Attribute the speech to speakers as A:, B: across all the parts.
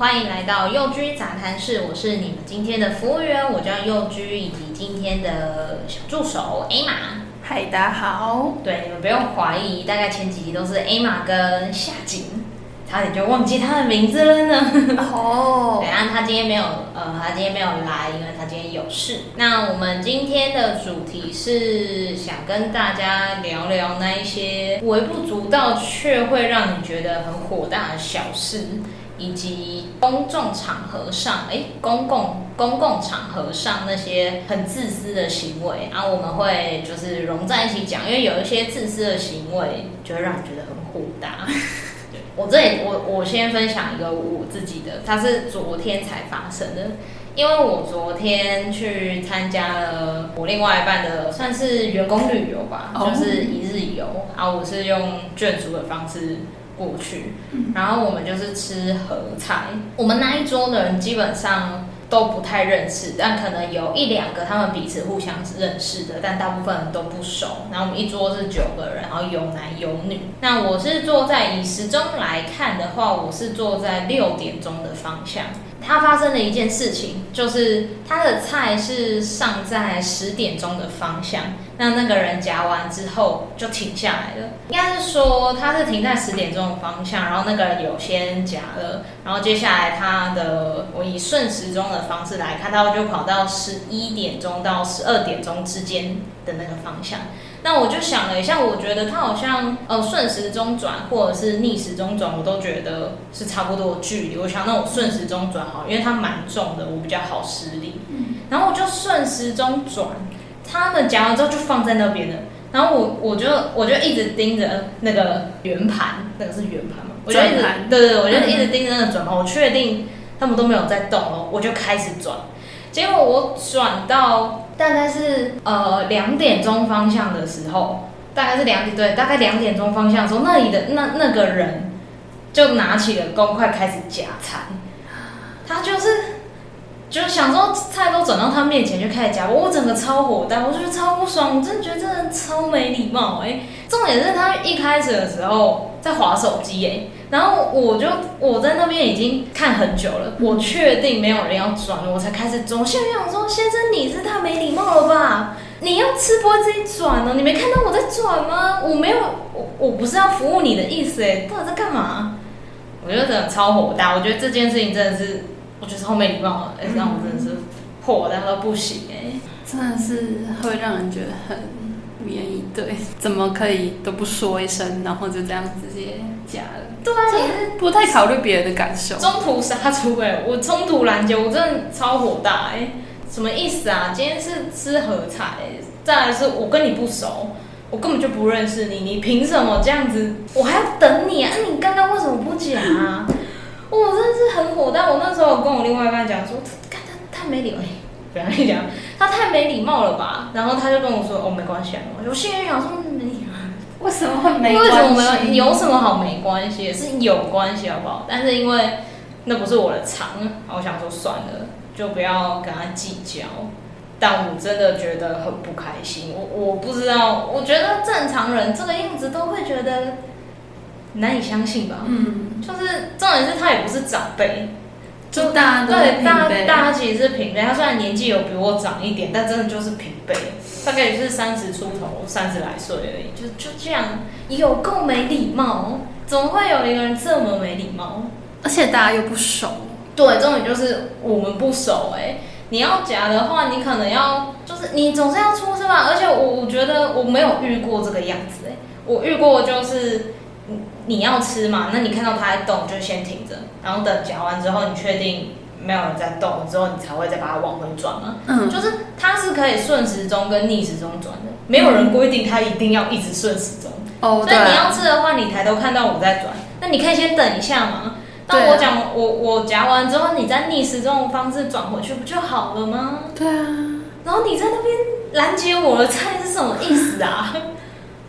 A: 歡迎來到祐 G 雜談室，我是你們今天的服務員，我叫祐 G，以及今天的小助手 Emma。嗨，大家好。對，你們不用懷疑，大概前幾集都是 Emma 跟夏璟，差點就忘記他的名字了呢。哦，對 然後他今天沒有，呃，他今天沒有來，因為他今天有事。那我們今天的主題是想跟大家聊聊那一些微不足道卻會讓你覺得很火大的小事。以及公眾場合上，哎，公共公共場合上那些很自私的行為，啊，我們會就是融在一起講，因為有一些自私的行為就會讓你覺得很火大。 我這裡，我我先分享一個我自己的，它是昨天才發生的，因為我昨天去參加了我另外一半的算是員工旅遊吧，就是一日遊，啊，我是用眷屬的方式過去，然後我們就是吃合菜。我們那一桌的人基本上都不太認識，但可能有一兩個他們彼此互相認識的，但大部分人都不熟。然後我們一桌是九個人，然後有男有女。那我是坐在以時鐘來看的話，我是坐在六點鐘的方向。他發生了一件事情，就是他的菜是上在十點鐘的方向，那那個人夾完之後就停下來了。應該是說他是停在十點鐘的方向，然後那個人有先夾了，然後接下來他的，我以順時鐘的方式來看，他就跑到十一點鐘到十二點鐘之間的那個方向。那我就想了一下，我覺得他好像呃順時鐘轉或者是逆時鐘轉，我都覺得是差不多的距離。我想那我順時鐘轉好，因為他蠻重的，我比較好施力。嗯，然後我就順時鐘轉，他們夾完之後就放在那邊的。然後我我就我就一直盯着那個圓盤，那個是圓盤嘛，轉盤。我就一直，對對對，我就一直盯着那個轉盤，嗯，我確定他們都沒有在動哦，我就開始轉。結果我轉到。大概是呃兩點鐘方向的時候，大概是兩，對，大概兩點鐘方向的時候，那裡的那那個人就拿起了公筷開始夾菜，他就是就想說菜都轉到他面前就開始夾，我整個超火大，我覺得超不爽，我真的覺得這人超沒禮貌哎、欸。重點是他一開始的時候在劃手機哎、欸。然後我就我在那邊已經看很久了，我確定沒有人要轉了，我才開始轉。我現在想說，先生你是太沒禮貌了吧？你要吃播自己轉哦，你沒看到我在轉嗎？我沒有，我我不是要服務你的意思哎，到底在幹嘛？我覺得真的超火大，我覺得這件事情真的是，我覺得超沒禮貌哎，讓、
B: 欸、我真的是火大到不行哎、欸，真的是會讓人覺得很。無言以對，怎麼可以都不說一聲，然後就這樣直接夾了？對，不太考慮別人的感受。中
A: 途殺出哎、欸，我中途攔截，我真的超火大哎、欸！什麼意思啊？今天是吃合菜、欸，再來是我跟你不熟，我根本就不認識你，你憑什麼這樣子？我還要等你啊！你剛剛為什麼不夾啊？ 我真的是很火大！我那時候有跟我另外一半講說，他他他沒理我、欸。講講，他太沒禮貌了吧？然後他就跟我說：“哦，沒關係啊。”我
B: 心裡想說：“你啊，為什麼會沒？為什麼沒有？什有什麼好
A: 沒關係？是有關係，好不好？但是因為那不是我的長，我想說算了，就不要跟他計較。但我真的覺得很不開心。我我不知道，我覺得正常人這個樣子都會覺得難以相信吧？嗯，嗯，就是重點是他也不是長輩。”
B: 就大對，大大家其
A: 實是平輩。他雖然年紀有比我長一點，但真的就是平輩，大概也是三十出頭、三十來歲而已。就就這樣，也有夠沒禮貌。怎麼會有一個人這麼沒禮貌？而且大家又不熟。對，重點就是我們不熟哎、欸。你要假的話，你可能要就是你總是要出聲吧？而且我我覺得我沒有遇過這個樣子哎、欸，我遇過就是。你要吃嘛？那你看到它在動，就先停着，然後等夾完之後，你確定沒有人在動之後，你才會再把它往回轉嘛。嗯，就是它是可以順時鐘跟逆時鐘轉的、嗯，沒有人規定它一定要一直順時鐘。哦、嗯，所以你要吃的話，你抬頭看到我在轉、嗯，那你可以先等一下嘛。
B: 那我講
A: 我、啊、我夾完之後，你再逆時鐘的方式轉回去不就好了嗎？
B: 對啊。
A: 然後你在那邊攔截我的菜是什麼意思啊？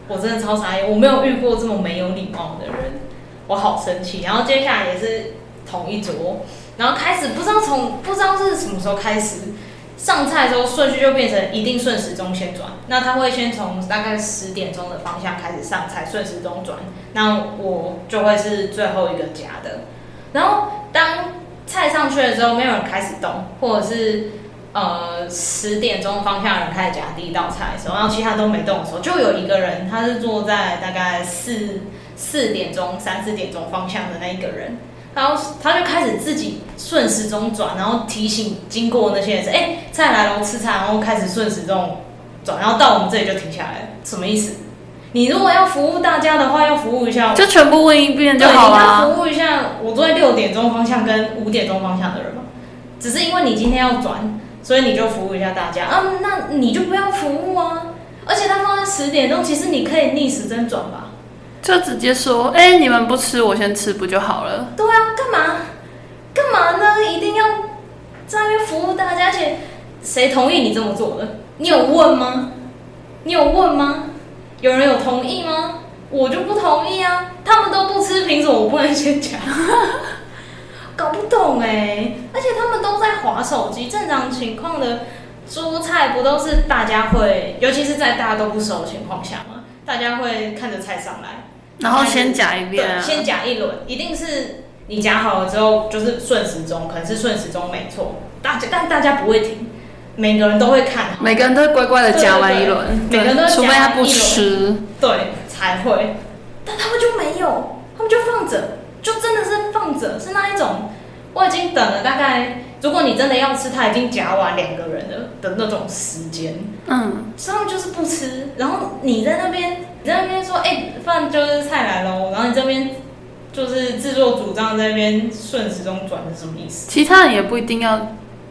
A: 我真的超傻眼，我沒有遇過這麼沒有禮貌的人，我好生氣。然後接下來也是同一桌，然後開始不知道從不知道是什麼時候開始，上菜之後順序就變成一定順時鐘先轉。那他會先從大概十點鐘的方向開始上菜，順時鐘轉，那我就會是最後一個夾的。然後當菜上去了之後，沒有人開始動，或者是。呃，十點鐘方向的人開始夾第一道菜的時候，然後其他都沒動的時候，就有一個人，他是坐在大概四四點鐘、三四點鐘方向的那一個人，然後他就開始自己順時鐘轉，然後提醒經過那些人說：“哎、欸，菜來了，吃菜。”然後開始順時鐘轉，然後到我們這裡就停下來，什麼意思？你如果要服務大家的話，要服務一下我，就全部問一遍就好了、啊。對，你要服務一下我坐在六點鐘方向跟五點鐘方向的人嘛，只是因為你今天要轉。所以你就服務一下大家啊？那你就不要服務啊！而且他放在十點鐘、嗯，其實你可以逆時針轉吧。
B: 就直接說，哎、欸，你們不吃，我先吃不就好了？
A: 對啊，幹嘛？幹嘛呢？一定要在服務大家？而且誰同意你這麼做的？你有問嗎？你有問嗎？有人有同意嗎？我就不同意啊！他們都不吃，憑什麼我不能先講？ 搞不懂哎、欸，而且他們都在劃手機。正常情況的蔬菜不都是大家會，尤其是在大家都不熟的情況下嘛？大家會看着菜上來，然後先夾一遍、啊對，先夾一輪，一定是你夾好了之後就是順時鐘，可能是順時鐘沒錯。大家但大家不會停，每個人都會看，每個人都會
B: 乖乖的夾完一輪，每個人都會，除非他不吃，對
A: 才會。但他們就沒有，他們就放着。就真的是放着，是那一種，我已經等了大概，如果你真的要吃，他已經夾完兩個人了的那種時間。嗯，
B: 他們就是不吃，
A: 然後你在那邊，你在那邊說，哎、欸，飯就是菜來嘍，然後你這邊就是自作主張在那邊順時鐘轉是什麼意
B: 思？其他人也不一定要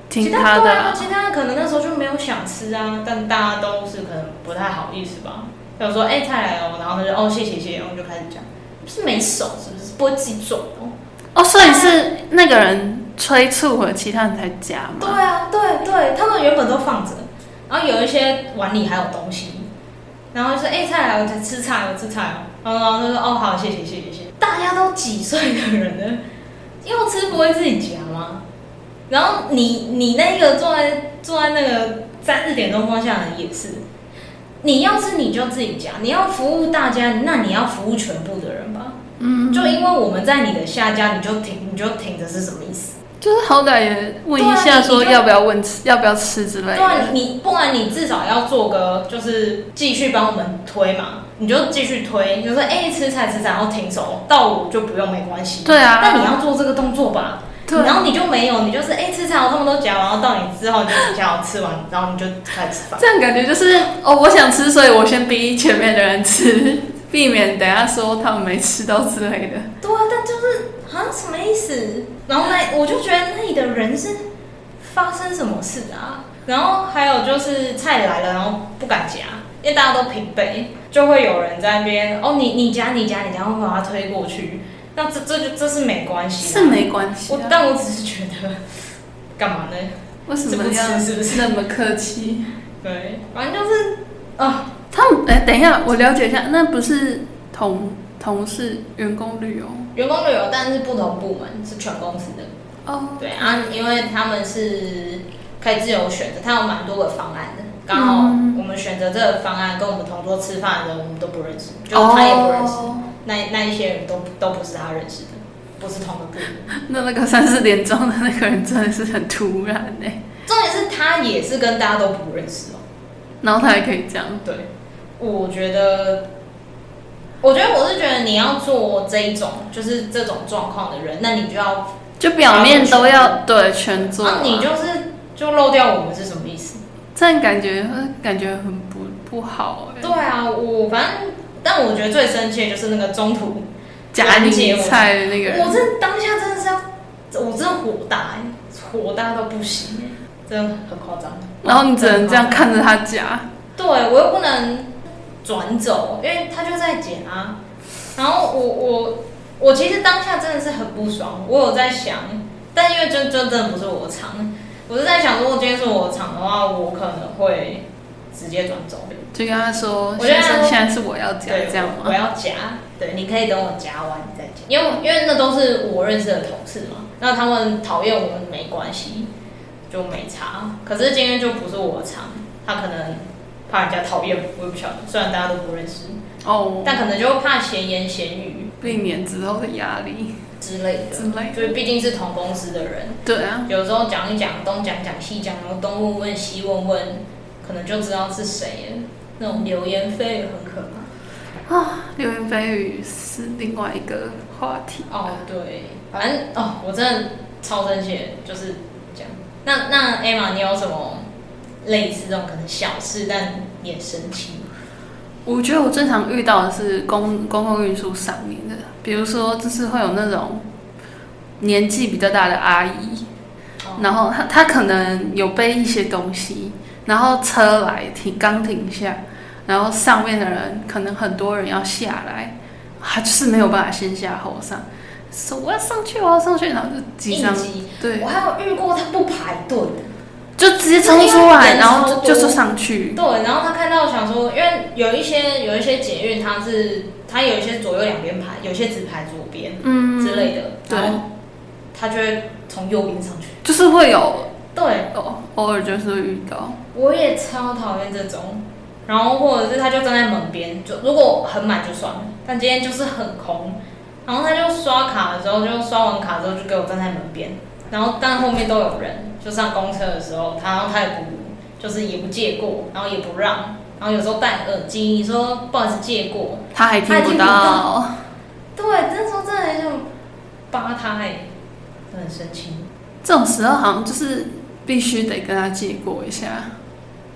B: 聽他的、啊。其他、啊、其
A: 他人可能那時候就沒有想吃啊，但大家都是可能不太好意思吧。比如說，哎、欸，菜來了，然後他就，哦，謝謝謝謝，我就開始講。是沒手是不是？不會自己哦。
B: 哦，所以是那個人催促和其他人在夾嗎？
A: 對啊，對對，他們原本都放着，然後有一些碗裡還有東西，然後就說：“哎、欸，菜來，我就吃菜，我吃菜哦。菜”然後他說：“哦，好，謝謝謝謝謝。謝謝”大家都幾歲的人呢？因為吃不會自己夾嗎？然後你你那個坐在坐在那個三四點鐘方向的也是。你要吃你就自己夾，你要服務大家，那你要服務全部的人吧。嗯，就因為我們在你的下家，你就停，你就停的是什麼意思？
B: 就是好歹也問一下，說要不要問吃，要不要吃之類的。對，
A: 你不然你至少要做個，就是繼續幫我們推嘛，你就繼續推，你就說哎、欸，吃菜吃菜，然後停手，到我就不用沒關係。對啊，那你要做
B: 這個動作吧。
A: 對，然後你就沒有，你就是哎、欸，吃菜我這麼多夾，然後到你之後你就不想好吃完， 然後你就開始吃飯。這樣
B: 感覺就是哦，我想吃，所以我先逼前面的人吃，避免等下說他們沒吃到之類的。
A: 對啊，但就是啊，好像什麼意思？然後那 我就覺得那裡的人是發生什麼事啊？然後還有就是菜來了，然後不敢夾，因為大家都平輩，就會有人在那邊哦，你你夾你夾你夾，會把它推過去。那這這就這，這是沒關係啊，是沒關係啊。我但我只是覺得，幹嘛呢？
B: 為什麼這樣？是不是那麼客氣？對，反正就是啊。他們哎，等一下，我了解一下。那不是同同事員工旅遊，
A: 員工旅遊，但是不同部門，是全公司的哦。Oh. 對啊，因為他們是可以自由選擇，他有蠻多個方案的。剛好我們選擇這個方案，跟我們同桌吃飯的人我們都不認識，Oh. 就是他也不認識。那那一些人都都不是他認識的，不是同
B: 一個人的 那那個三四點鐘的那個人真的是很突然呢、欸。
A: 重點是他也是跟大家都不認識哦，然後他還可以這樣。啊、對，對，
B: 我覺得，我覺得我是覺得你要
A: 做這一種，就是這種狀況的人，那你就要
B: 就表面都要，要全對全做。那你就是
A: 就漏掉我們是什麼意思？
B: 這樣感覺感覺很不不好、欸。
A: 對啊，我反正。但我覺得最生氣的就是那個中途
B: 夾你菜的那個人，我真
A: 當下真的是要，我真的火大、欸、火大到不行，真的很誇張。
B: 然後你只能這樣看着他夾，
A: 對，我又不能轉走，因為他就在夾、啊。然後我我我其實當下真的是很不爽，我有在想，但因為真真真的不是我的場，我是在想，如果今天是我的場的話，我可能會。直接轉走，
B: 就跟他說，我覺得現在是我
A: 要夾這樣嗎？我，我要夾，對，你可以等我夾完你再夾，因為因為那都是我認識的同事嘛，那他們討厭我們沒關係，就沒差。可是今天就不是我差，他可能怕人家討厭，我也不曉得。雖然大家都不認識
B: 哦，oh, 但可能就
A: 怕閒言閒語，避免之後的壓力之類的，之類的。就是畢竟是同公司的人，對啊，有時候講一講東講講西講，然後東問問西問問。可能就知
B: 道是誰耶，那種流言蜚語很可怕。啊、哦，流言蜚語是另外一個話題哦。對，反正哦，我真的
A: 超生氣，就
B: 是這
A: 樣。那那 Emma，你有什麼類似這種可能小事但也生氣
B: 嗎？我覺得我最常遇到的是公公共運輸上面的，比如說就是會有那種年紀比較大的阿姨，哦、然後她她可能有背一些東西。嗯然後車來停，剛停下，然後上面的人可能很多人要下來，他就是沒有辦法先下後上，說我要上去，我要上去，然後就擠上急。對，我還有遇過他不排隊，就直接衝出來，然後就就上去。對，
A: 然後他看到我想說，因為有一些有一些捷運，他是他有一些左右兩邊排，有一些只排左邊，嗯之
B: 類的，嗯之類的對，然後他就會從右邊上去，就是會有。對，哦、偶爾就是遇到。
A: 我也超討厭這種，
B: 然後或者是
A: 他就站在門邊，就如果很滿就算了，但今天就是很空，然後他就刷卡的時候，就刷完卡之後就給我站在門邊，然後但後面都有人，就上公車的時候，他他也不就是也不借過，然後也不讓，然後有時候戴耳機，你說不好意思借過，他還聽不到。不到
B: 對，那時候真的
A: 就扒他哎、欸，很神奇。
B: 這種時候好像就是。必須得跟他借過一下，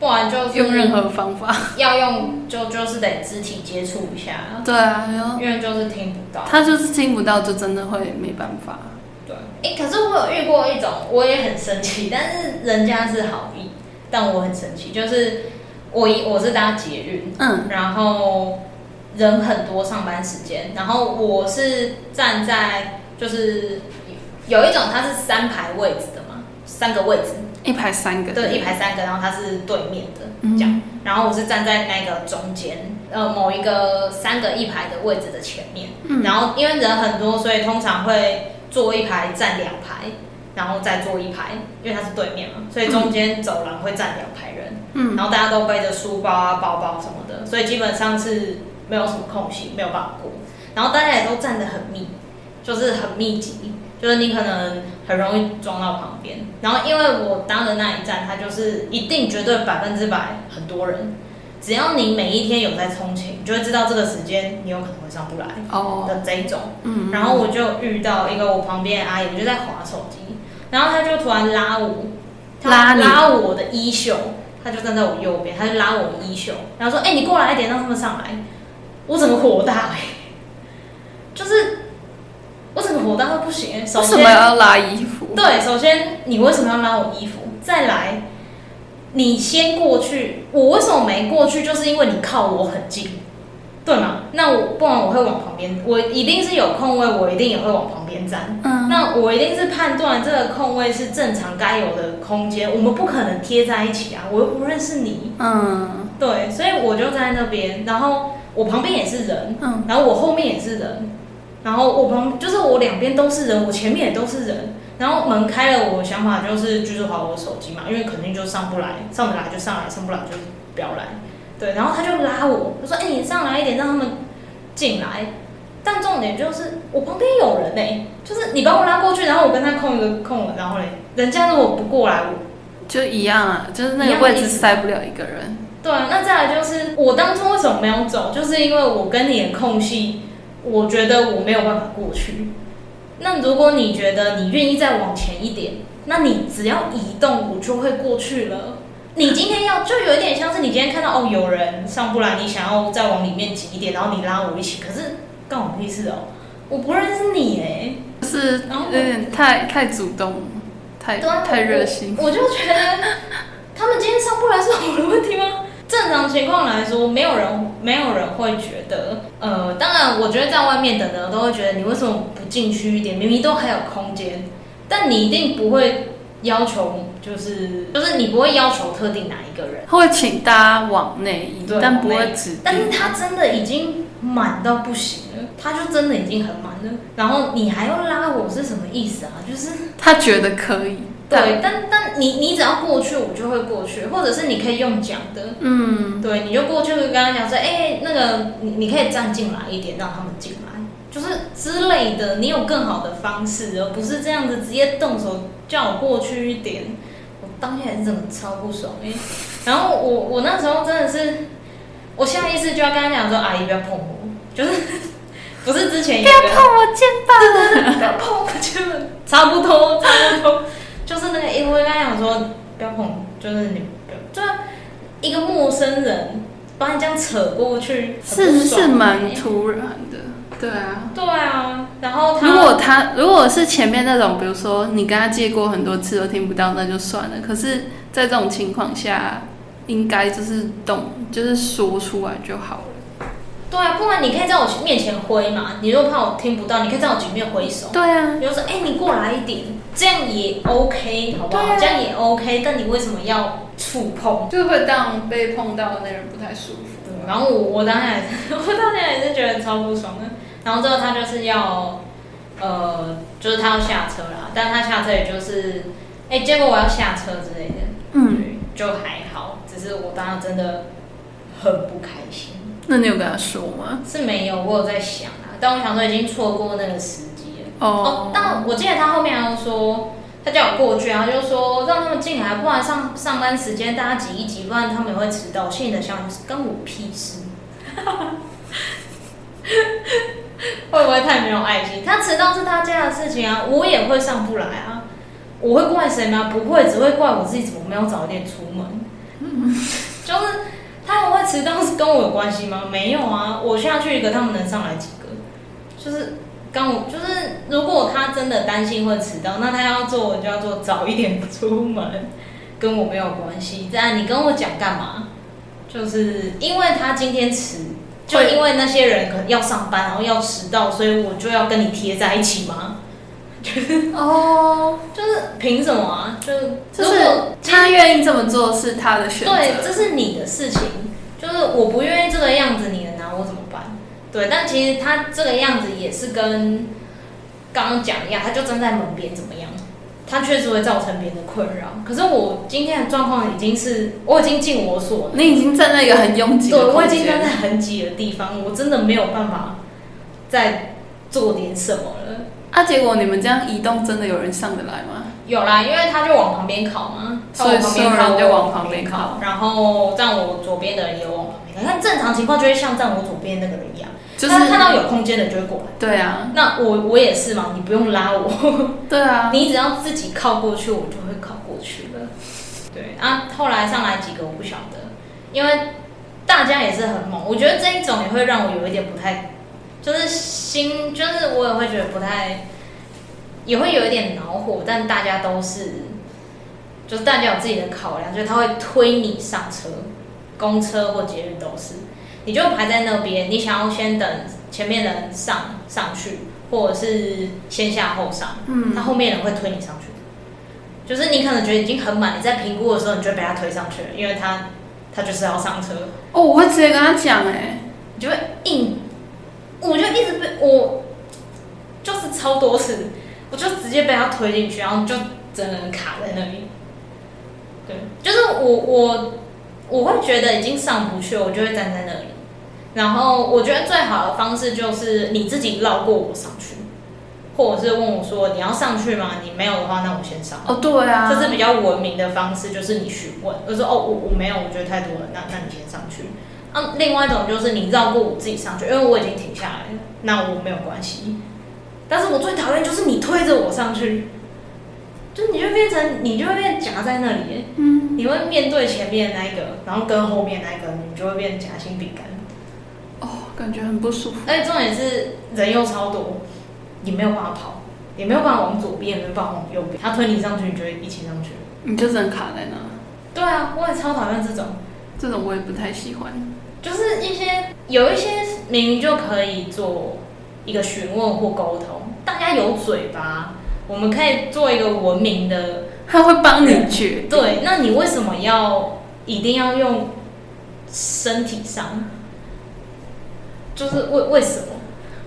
A: 不然就是用任何方法要用就，就就是得肢體接觸一下。對啊，因為就是聽不
B: 到，他就是聽不到，就真的會沒辦法、嗯對。對、
A: 欸，可是我有遇過一種，我也很生氣， 但是人家是好意，但我很生氣。就是我一我是搭捷運，嗯，然後人很多，上班時間，然後我是站在就是有一種它是三排位置的。三個位置，一排三個，對，對一排三個，然後它是對面的這樣、嗯，然後我是站在那個中間，呃，某一個三個一排的位置的前面，嗯、然後因為人很多，所以通常會坐一排，站兩排，然後再坐一排，因為它是對面嘛，所以中間走廊會站兩排人、嗯，然後大家都背着書包啊、包包什麼的，所以基本上是沒有什麼空隙，沒有辦法過，然後大家也都站得很密，就是很密集。就是你可能很容易撞到旁邊，然後因為我當的那一站，它就是一定絕對百分之百很多人。只要你每一天有在通勤，你就會知道這個時間你有可能會上不來的這一種。然後我就遇到一個我旁邊的阿姨，我就在滑手機，然後她就突然拉我，拉拉我的衣袖，她就站在我右邊，她就拉我的衣袖，然後說：“哎，你過來一點，讓他們上來。”我怎麼火大、欸、就是。我怎個活大到不行！首先，為什麼要拉衣服？對，首先你為什麼要拉我衣服？再來，你先過去，我為什麼沒過去？就是因為你靠我很近，對嗎？那我不然我會往旁邊，我一定是有空位，我一定也會往旁邊站。嗯，那我一定是判斷這個空位是正常該有的空間，我們不可能貼在一起啊！我又不認識你。嗯，對，所以我就在那邊，然後我旁邊也是人，嗯，然後我後面也是人。然後我旁就是我兩邊都是人，我前面也都是人。然後門開了，我想法就是就是滑我手機嘛，因為肯定就上不來，上得來就上來，上不來就不要來。對，然後他就拉我，他說：“哎、欸，你上來一點，讓他們進來。”但重點就是我旁邊有人呢、欸，就是你把我拉過去，然後我跟他空一個空，然後呢，人家如果不過來，我
B: 就一樣啊，
A: 就是那個位置
B: 塞不了一個人。嗯、
A: 對、啊，那再來就是我當初為什麼沒有走，就是因為我跟你的空隙。我覺得我沒有辦法過去。那如果你覺得你願意再往前一點，那你只要移動，我就會過去了。你今天要就有一點像是你今天看到哦，有人上不來，你想要再往裡面擠一點，然後你拉我一起。可是干我屁事哦，
B: 我不認識你哎，是有點、嗯、太太主動，太太熱心我。我就
A: 覺得他們今天上不來是我的問題嗎？正常情況來說，沒有人，沒有人會覺得，呃，當然，我覺得在外面等的都會覺得你為什麼不進去一點，明明都還有空間。但你一定不會要求，就是，就是你不會要求特定哪一個人，
B: 會請大家往內移，但不會
A: 只。但是他真的已經滿到不行了，他就真的已經很滿了。然後你還要拉我是什麼意思啊？就是
B: 他覺得可以。對，對，但
A: 但你你只要過去，我就會過去，或者是你可以用講的，嗯，
B: 對，你就
A: 過去，會跟他講說，哎、欸，那個你你可以站進來一點，讓他們進來，就是之類的。你有更好的方式，而不是這樣子直接動手叫我過去一點。我當下還是真的超不爽，欸、然後我我那時候真的是，我下意識就要跟他講說、嗯，阿姨不要碰我，就是不是之前一樣，不要碰
B: 我肩膀了，了不要碰我肩
A: 膀，差不多，差不多。就是那個，因為剛才講說
B: 不要碰，就是你，就是一個陌生人把你這樣扯過去不是，是是蠻突然的，對啊，對啊。然後，如果他如果是前面那種，比如說你跟他借過很多次都聽不到，那就算了。可是，在這種情況下，應該就是懂，就是說出來就好了。
A: 對啊，不然你可以在我面前揮嘛。你如果怕我聽不到，你可以在我前面揮手。對啊。比如說，哎、欸，你過來一點，這樣也 OK 好不好？啊、這樣也 OK，
B: 但你為什麼要觸碰？就會讓被碰到的那人不太舒服。
A: 啊、然後我我當然，我當然也是，是覺得超不爽的。然後之後他就是要，呃，就是他要下車啦，但他下車也就是，哎、欸，結果我要下車之類的，嗯，就還好，只是我當時真的很不開心。
B: 那你有跟他說嗎？是
A: 沒有，我有在想啊，但我想說已經錯過那個時機了。Oh. 哦，但我記得他後面還要說，他叫我過去，啊，就說讓他們進來，不然上上班時間大家擠一擠，不然他們也會遲到。現在想跟我屁事， 會不會太沒有愛心？他遲到是他家的事情啊，我也會上不來啊，我會怪誰嗎？不會，只會怪我自己怎麼沒有早一點出門。嗯， 就是。他們會遲到是跟我有關係嗎？沒有啊，我下去一個，他們能上來幾個？就是剛我就是，如果他真的擔心會遲到，那他要做我就要做早一點出門，跟我沒有關係。這樣你跟我講幹嘛？就是因為他今天遲，就因為那些人可能要上班，然後要遲到，所以我就要跟你貼在一起嗎？哦、 oh,，就是憑什麼啊？就就是如
B: 果他願意這麼做是他的選擇，對，這是
A: 你的事情。
B: 就是我不願意這個樣子
A: 你的，你能拿我怎麼辦？對，但其實他這個樣子也是跟剛剛講一樣，他就站在門邊，怎麼樣？他確實會造成別人的困擾。可是我今天的狀況已經是我已經盡我所能，
B: 你已經站在一個很擁擠，對，我已經站在
A: 很擠的地方，我真的沒有辦法再做點什麼了。
B: 啊！結果你們這樣移動，真的有人上得來嗎？
A: 有啦，因為他就往旁邊靠嘛，
B: 靠旁邊，人就往旁邊靠。
A: 然後站我左邊的人也往旁邊靠。但正常情況就會像站我左邊那個人一樣，就是看到有空間的就
B: 會過來。對啊，對啊，
A: 那我我也是嘛，你不用拉我。對啊， 你只要自己靠過去，我就會靠過去了。對啊，後來上來幾個我不曉得，因為大家也是很猛，我覺得這一種也會讓我有一點不太。就是心，就是我也會覺得不太，也會有一點惱火。但大家都是，就是大家有自己的考量，就是他會推你上車，公車或捷運都是，你就排在那邊。你想要先等前面人上上去，或者是先下後上，嗯，他後面人會推你上去。就是你可能覺得已經很滿，你在評估的時候，你就會被他推上去了，因為他他就是要上車。
B: 哦，我會直接跟他講，欸，哎，你就會硬。我就一直被我，就是
A: 超多次，我就直接被他推進去，然後就整個人卡在那裡。對，就是我我我會覺得已經上不去了，我就會站在那裡。然後我覺得最好的方式就是你自己繞過我上去，或者是問我說你要上去嗎？你沒有的話，那我先上。哦，對啊，這是比較文明的方式，就是你詢問，我說哦，我我沒有，我覺得太多了，那那你先上去。啊，另外一種就是你繞過我自己上去，因為我已經停下來了，那我沒有關係。但是我最討厭就是你推着我上去，就你就變成你就會被夾在那裡。嗯，你會面對前面那一個，然後跟後面那一個，你就會變成夾心餅乾。
B: 哦，感覺很不舒服。而且重點是
A: 人又超多，也沒有辦法跑，也沒有辦法往左邊，也沒有辦法往右邊。他推你上去，你就會一起上去，你就只能卡在那。
B: 對啊，我也超討厭這種，這種我也不太喜歡。就是一些
A: 有一些明明就可以做一個詢問或溝通，大家有嘴巴，我們可以做一個文明的。
B: 他會幫你去
A: 對，那你為什麼要一定要用身體上？就是為為什麼？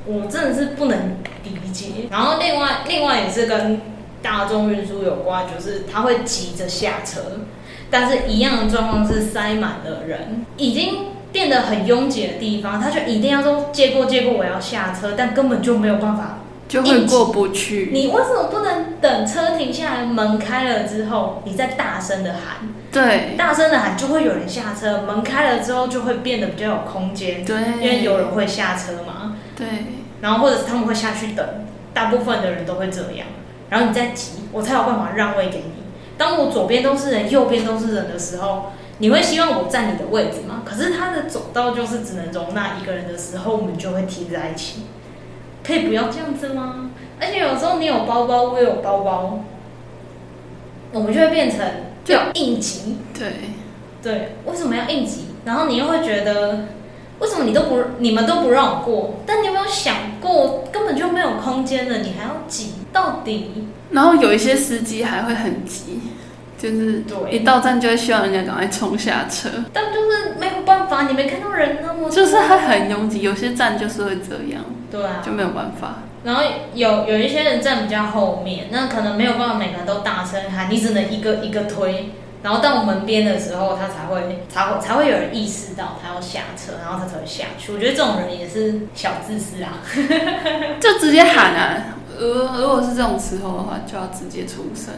A: 我真的是不能理解。然後另外另外也是跟大眾運輸有關，就是他會急着下車，但是一樣的狀況是塞滿了人，已經。變得很擁擠的地方，他就一定要說借過借過，我要下車。但根本就沒有辦法，就會過不去。你為什麼不能等車停下來，門開了之後，你再大聲的喊？對，大聲的喊就會有人下車，門開了之後就會變得比較有空間。對，因為有人會下車嘛。對，然後或者是他們會下去等，大部分的人都會這樣。然後你再急，我才有辦法讓位給你。當我左邊都是人，右邊都是人的時候。你會希望我站你的位置嗎？可是他的走道就是只能容納一個人的時候，我們就會停在一起。可以不要這樣子嗎？而且有時候你有包包，我也有包包，我們就會變成就要應急。對，對，
B: 為什麼要應急？
A: 然後你又會覺得，為什麼你都不、你們都不讓我過？但你有沒有想過，根本就沒有空間了，你
B: 還要擠到底？然後有一些司機還會很急。就是一到站就會希望人家趕快衝下車，但就是沒有辦法，你沒看到人那麼就是還很擁擠，有些站就是會這樣，
A: 對啊，就沒有辦法。然後有有一些人站比較後面，那可能沒有辦法每個人都大聲喊，你只能一個一個推，然後到門邊的時候，他才會才會才會有人意識到他要下車，然後他才會下去。我覺得這種人也是小自私啊，
B: 就直接喊啊，如、呃、如果是這種時候的話，就要直接出聲。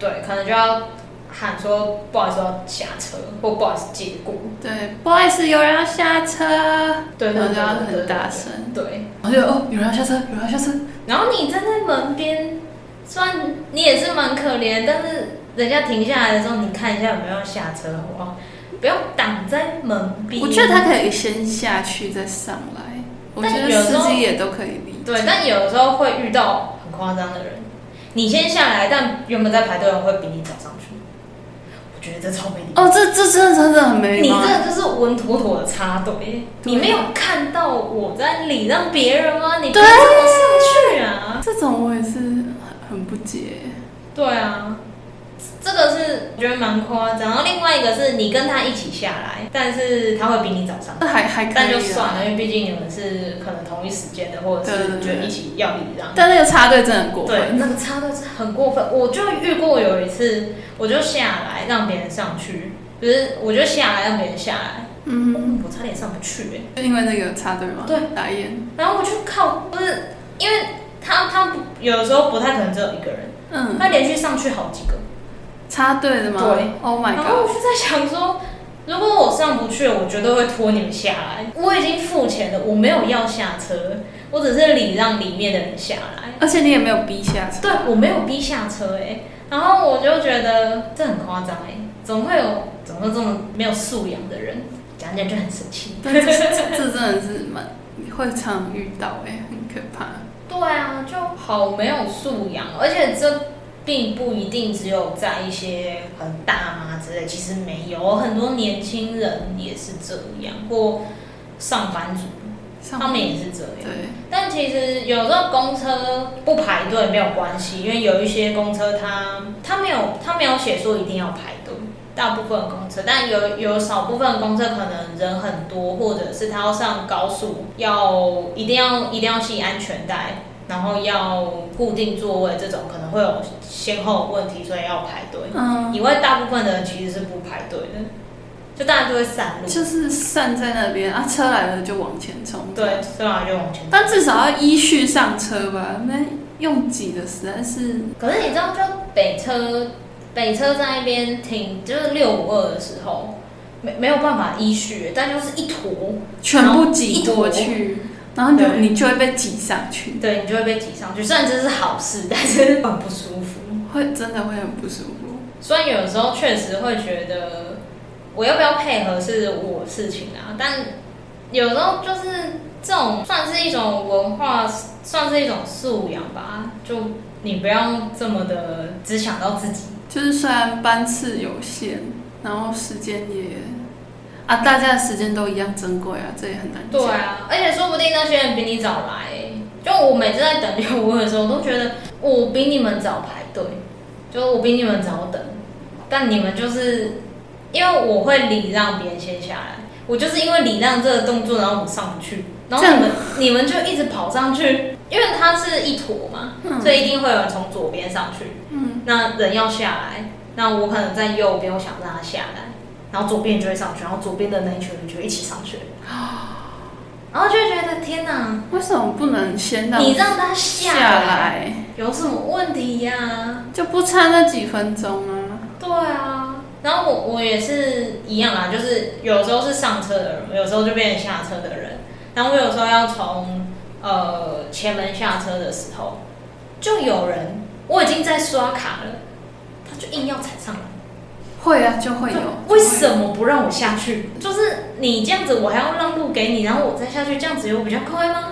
B: 對，可能就要喊
A: 說，不好意思要下車，或不好意思借過。
B: 對，不好意思有人要下車。對，然後就要很大聲。對，對對然後就哦，有人要下車，有人要下車。
A: 然後你站在門邊，雖然你也是蠻可憐，但是人家停下來的時候，你看一下有沒有要下車，哇、嗯，不用擋在門邊。我覺得他可以
B: 先下去再上來。
A: 我覺得司機也都可以理解。對，但有時候會遇到很誇張的人。你先下來，但原本在排隊的人會比你早上去。
B: 我覺得這超沒禮貌。哦，這這真的真的很沒禮貌。你這
A: 個就是穩妥妥的插隊。你沒有看到我在禮讓別人嗎？你憑什麼上去啊？
B: 這種我也是很很不解。
A: 對啊。這個是我覺得蠻誇張，然後另外一個是你跟他一起下來，但是他會比你早上，那還
B: 還可以，但就算了，
A: 因為畢竟你們是可能同一時間的，或者是覺得一起要禮讓。但那個插隊真的很過分。對，那個插隊是很過分。我就遇過有一次，我就下來讓別人上去，就是我就下來讓別人下來，嗯、哦，我差點上不去
B: 誒、欸。就因為那個插隊嗎？對，打煙。
A: 然後我就靠，不、就是因為他他，他
B: 有的時候不太可能只有一個人，嗯，他連續上去好幾個。插隊的嗎？對，Oh my God！我
A: 是在想說，如果我上不去，我絕對會拖你們下來。我已經付錢了，我沒有要下車，嗯、我只是禮讓裡面的人下來。而且你也沒有逼下車。對，我沒有逼下車哎、欸。Oh. 然後我就覺得這很誇張哎，總會有總會這種沒有素養的人，講講就很生氣。這真
B: 的是蠻會常遇到哎、欸，很可怕。對啊，就
A: 好沒有素養，而且這。並不一定只有在一些很大媽之類，其實沒有，很多年輕人也是這樣，或上班族，上班族他們也是這樣。對。但其實有時候公車不排隊沒有關係，因為有一些公車他他沒有他沒有寫說一定要排隊，大部分公車，但有有少部分公車可能人很多，或者是他要上高速要一定要一定要繫安全帶，然後要固定座位，這種可能會有先後問題，所以要排隊。嗯，以外大部
B: 分的人其實是不排隊的，就大家就會散路，就是散在那邊啊，車來了就往前衝。對，車來了就往前衝。但至少要依序上車吧？那用擠的實在是。可是你知道，就北車北車在那邊
A: 停，就是六五二的時候，沒沒有辦法依序，但就是一坨，全部擠過去。
B: 然後你就你就會被擠上去，對，你就會被擠上去。雖然這是好事，但是很不舒服，會真的會很不舒服。雖然有時候確
A: 實會覺得，我要不要配合是我事情啊，但有時候就是這種算是一種文化，嗯、算是一種素養吧。就你不要這麼的只想到自己，
B: 就是雖然班次有限，然後時間也。啊，大家的時間都一樣珍貴啊，這也很難。對啊，而且說不定那些人比你早來，欸。就我每次在等約會的時候，我
A: 都覺得我比你們早排隊，就我比你們早等。但你們就是因為我會禮讓別人先下來，我就是因為禮讓這個動作，然後我上不去，然後你們你們就一直跑上去，因為它是一坨嘛，嗯，所以一定會有人從左邊上去。嗯，那人要下來，那我可能在右邊，我想讓他下來。然後左邊就會上去，然後左邊的那一群人就一起上去，
B: 然後就覺得天哪，為什麼不能先到，你讓他下來？下來有什麼問題呀？啊？就不差那幾分鐘啊？對啊。然後我
A: 我也是一樣啊，就是有時候是上車的人，有時候就變成下車的人。然後我有時候要從呃前門下車的時候，就有人我已經在刷卡了，他就硬要踩上來。會啊，就會有就。為什麼不讓我下去？就、就是你這樣子，我還要讓路給你，然後我再下去，這樣子有比較快嗎？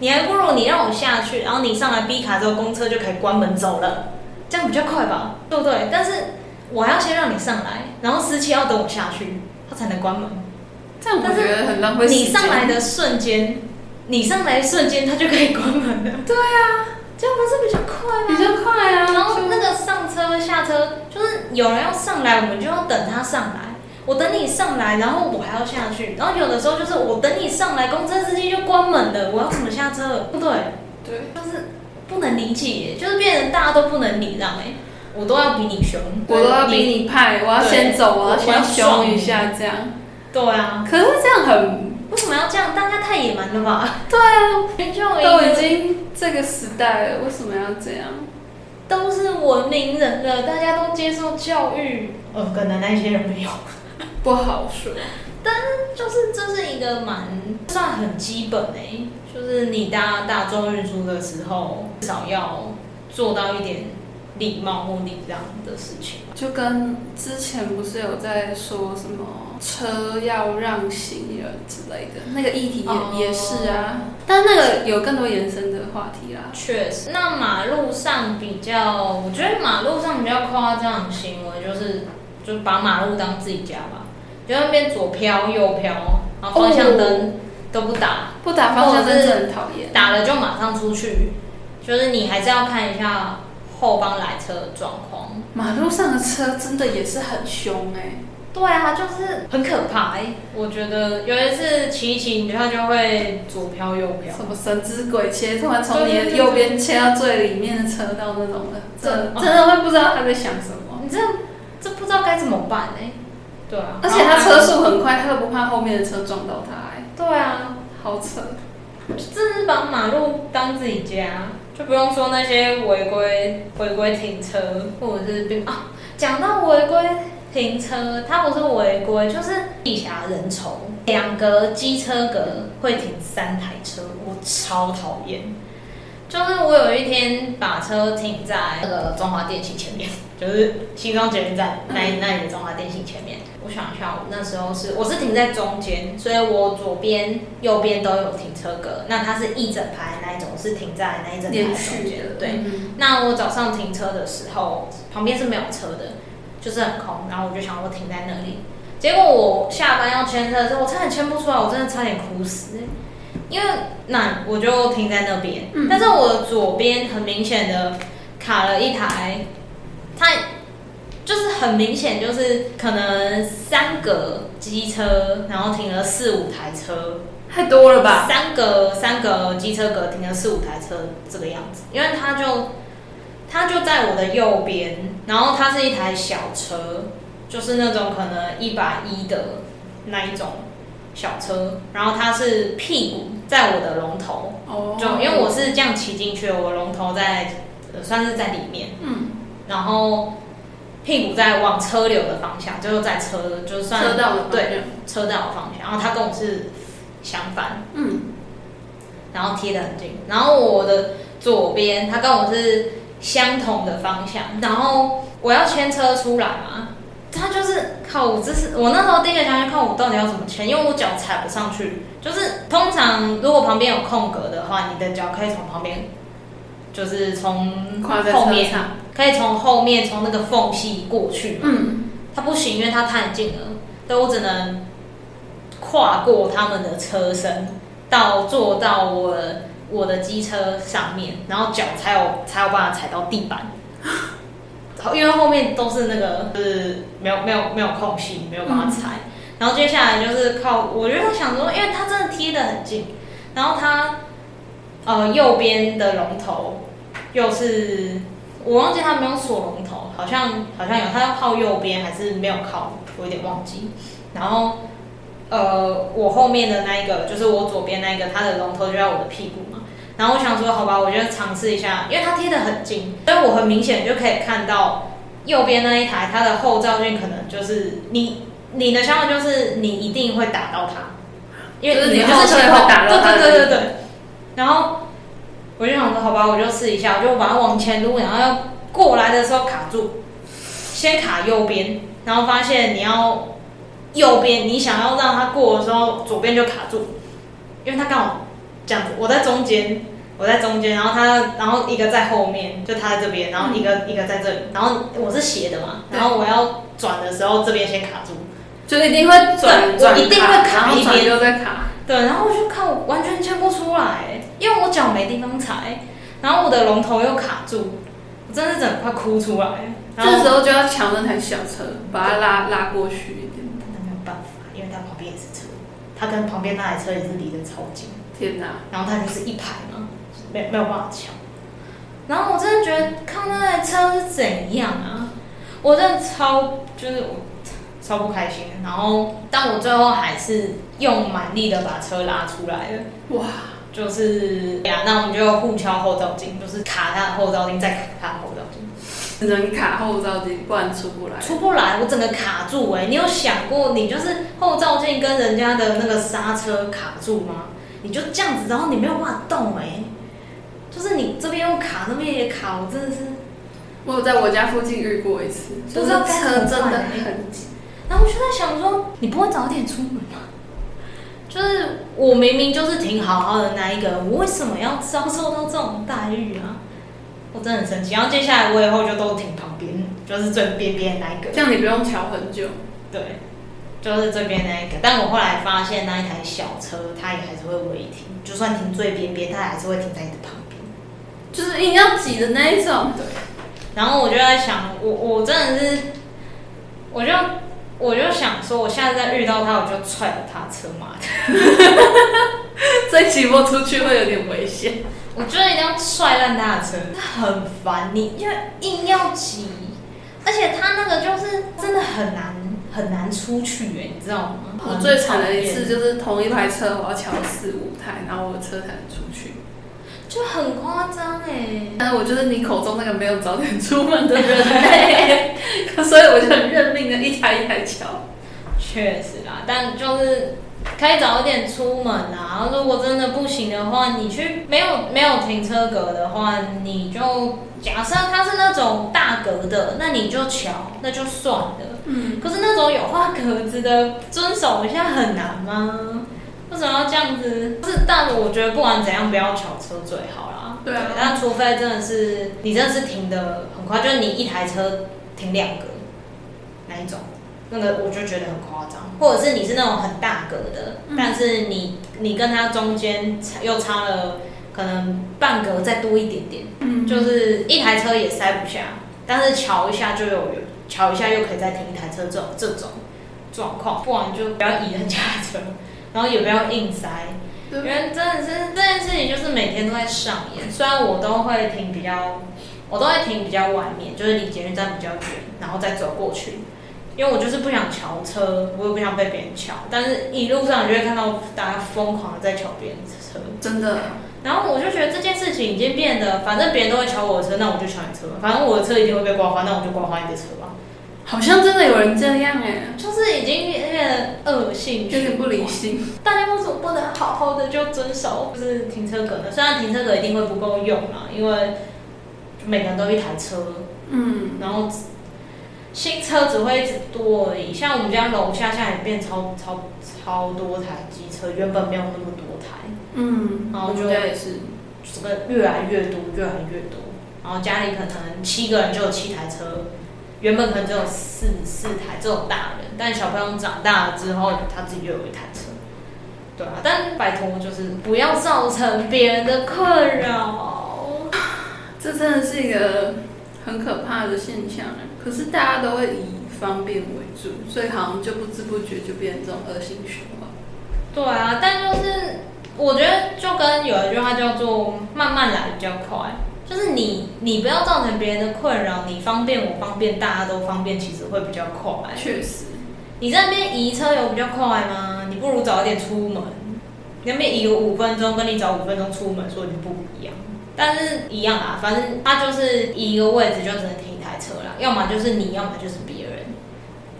A: 你還不如你讓我下去，然後你上來逼卡之後，公車就可以關門走了，這樣比較快吧？對不對？但是我還要先讓你上來，然後司機要等我下去，他才能關門。這樣我覺得很浪費。你上來的瞬間，你上來瞬間，他就可以關門了。對啊。這樣不是比較快嗎？啊！比較快啊！然後那個上車下車，就是有人要上來，我們就要等他上來。我等你上來，然後我還要下去。然後有的時候就是我等你上來，公車司機就關門了，我要怎麼下車？不對，對，就
B: 是不
A: 能理解，就是變成大家都不能禮讓哎，我都要比你兇，我都要比你派，你我要先走啊，我要先兇一下這樣。對啊，可是這樣很。為什麼要這樣？大家太野蠻了吧？
B: 對啊，都已經這個時代了，為什麼要這樣？都是文明人了，大家都接受教育。
A: 呃、哦，可能那些人沒有， 不好說。但就是這是一個蠻算很基本的、欸，就是你搭大眾運輸的時候，至少要做到一點。禮貌目的這樣的事情，
B: 就跟之前不是有在說什麼車要讓行人之類的那個議題也、哦、也是啊，但那個有更多延伸的話題啦、啊。確實，那
A: 馬路上比較，我覺得馬路上比較誇張的行為就是，就把馬路當自己家吧，就那邊左飄右飄，然後方向燈、哦、都不打，
B: 不打方向燈真的很討
A: 厭，打了就馬上出去，就是你還是要看一下。後方來車的狀況，
B: 馬路上的車真的也是很凶哎、欸。對啊，就是很可
A: 怕哎、欸。我覺得有一次騎一騎，
B: 他就會左漂右漂，啊，什麼神之鬼切，突然從你的右邊切到最裡面的車道那種的，真，嗯、真的會不知道他在想什麼。嗯，你這這不知道該怎麼辦哎、欸。對啊，而且他車速很快，他都不怕後面的車撞到他哎、欸。對啊，好扯，真的是把馬路當自己家。就不用說
A: 那些違規違規停車，或者是啊，講到違規停車，他不是違規，就是地狹人稠，兩格機車格會停三台車，我超討厭。就是我有一天把車停在那個中華電信前面，就是新莊捷運站那那裡的中華電信前面。 我想一下，我那時候是我是停在中間，所以我左邊右邊都有停車格。那它是一整排那一種，是停在那一整排的中間。 對，那我早上停車的時候旁邊是沒有車的，就是很空。然後我就想我停在那裡，結果我下班要牽車的時候，我差點牽不出來，我真的差點哭死。因為那我就停在那邊，但是我左邊很明顯的卡了一台，他就是很明顯就是可能三格機車，然後停了四五台車，太多了吧？三格三格機車格停了四五台車這個樣子，因為他就他就在我的右邊，然後他是一台小車，就是那種可能一百一的那一種。小車，然後它是屁股在我的龍頭，oh,
B: 就因為我是這
A: 樣騎進去的，我的龍頭在，呃，算是在裡面，嗯，然後屁股在往車流的方向，就在車，就算車道的對車道的方向，然後他跟我是相反，嗯，然後貼得很近，然後我的左邊，他跟我是相同的方向，然後我要牽車出來嘛。他就是靠我，就是我那時候第一個想想看我到底要怎麼牽？因為我腳踩不上去。就是通常如果旁邊有空格的話，你的腳可以從旁邊，就是從後面，可以從後面從那個縫隙過去。嗯，他不行，因為他太近了，所以我只能跨過他們的車身，到坐到我我的機車上面，然後腳才有才有辦法踩到地板。因為後面都是那個，就是沒有沒有沒有空隙，沒有辦法踩。然後接下來就是靠，我覺得想說，因為他真的貼得很近。然後他呃右邊的龍頭又是我忘記他沒有鎖龍頭，好像好像有，他要靠右邊還是沒有靠，我有點忘記。然後呃我後面的那一個，就是我左邊那一個，他的龍頭就在我的屁股。然後我想說，好吧，我就嘗試一下，因為它貼得很緊，所以我很明顯就可以看到右邊那一台它的後照鏡，可能就是你你的想法就是你一定會打到它，因為你就是先、就是、打到它。對對對對，對，對，然後我就想說，好吧，我就試一下，我就把它往前擼，然後要過來的時候卡住，先卡右邊，然後發現你要右邊，你想要讓它過的時候，左邊就卡住，因為它剛好。這樣子，我在中間，我在中間，然後他，然後一個在後面，就他在這邊，然後一個、嗯、一個在這裡，然後我是斜的嘛，然後我要轉的時候，這邊先卡住，
B: 就一定會轉，轉我一定會卡，轉，轉就在卡，對，然後我就看，完全牽不出來，因為我腳沒地方踩，然後我的龍頭又卡
A: 住，我真的是整個快哭出來，
B: 然後，這時候就要搶那台小車，
A: 把它拉拉過去一點，沒有辦法，因為它旁邊也是車，它跟旁邊那台車也是離得超近。天吶！然後他就是一排嘛， 沒沒有辦法敲。然後我真的覺得，看那台車是怎樣啊！我真的超就是我超不開心。然後，但我最後還是用蠻力的把車拉出來了。哇！就是呀、啊，那我們就要互敲後照鏡，就是卡他的後照鏡，再卡他的後照鏡。只能卡後照鏡，不然出不來。出不來，我整個卡住哎、欸！你有想過，你就是後照鏡跟人家的那個剎車卡住嗎？你就這樣子，然後你沒有辦法動哎、欸，就是你這邊又卡，那邊
B: 也卡，我真的是。我有在我家附近遇過一次，不知道車真的很擠。
A: 然後我就在想說，你不會早點出門嗎？就是我明明就是停好好的那一個，我為什麼要遭受到這種待遇啊？我真的很生氣。然後接下來我以後就都停旁邊，就是最邊邊那一個，這樣你不用調很久。對。就是這邊那一個，但我後來發現那一台小車，它也還是會違停，就算停最邊邊，它還是會停在你的旁邊，就
B: 是硬要擠的那一種。對。
A: 然後我就在想，我我真的是，我就我就想說，我下次再遇到他，我就踹了他車嘛。哈哈哈！哈，再擠不出去會有點危險。 我覺得一定要踹爛他的車，很煩你，因為硬要擠， 而且他那個就是真的很難。很難出去、欸、你知道嗎？嗯、我最慘的一次就是同一台車，我要
B: 敲四五台，嗯、然後我的車才能出去，就很誇張哎，但我就是你口中那個沒有早點出門的人 所以我就很認命的，一
A: 台一台敲。
B: 確實啦，
A: 但就是。可以早一點出門啊！如果真的不行的話，你去沒有沒有停車格的話，你就假設它是那種大格的，那你就喬，那就算了。嗯。可是那種有畫格子的，遵守一下很難嗎？為什麼要這樣子？嗯、是，但我覺得不管怎樣，不要喬車最好啦。對那、啊、除非真的是你真的是停的很快，就是你一台車停兩格，哪一種？那個我就覺得很誇張，或者是你是那種很大格的，但是你你跟他中間又差了可能半格再多一點點，就是一台車也塞不下，但是喬一下就有，喬一下又可以再停一台車這種這種狀況。不然就不要倚人家車，然後也不要硬塞，因為真的是這件事情就是每天都在上演。雖然我都會停比較，我都會停比較外面，就是離捷運站比較遠，然後再走過去。因為我就是不想喬車，我也不想被別人喬，但是一路上你就會看到大家瘋狂的在喬別人車，真
B: 的。
A: 然後我就覺得這件事情已經變得，反正別人都會喬我的車，那我就喬你車。反正我的車一定會被刮花，那我就刮花你的車吧。
B: 好像真的有人這樣哎，就是已經有點惡性，有，就是不理性。大家為什麼不能好
A: 好的就遵守就是停車格呢？雖然停車格一定會不夠用嘛，因為每個人都有一台車，嗯，然後。新車只會一直多而已，像我們家樓下現在也變超超超多台機車，原本沒有那麼多台，嗯，然後就是越來越多，越來越多，然後家裡可能，可能七個人就有七台車，原本可能只有四四台這種大人，但小朋友長大了之後，他自己又有一台車，對啊，但拜托就
B: 是不要造成別人的困擾，這真的是一個很可怕的現象，欸。可是大家都會以方便為主，所以好像就不知不覺就變成這種惡性循
A: 環。對啊，但就是我覺得就跟有一句話叫做“慢慢來比較快”，就是你你不要造成別人的困擾，你方便我方便，大家都方便，其實會比較快。確實，你在那邊移車有比較快嗎？你不如早一點出門，那邊移個五分鐘，跟你早五分鐘出門，所以就不一樣。但是一樣啊，反正他就是移一個位置，就只能停。車啦，要麼就是你，要麼就是別人。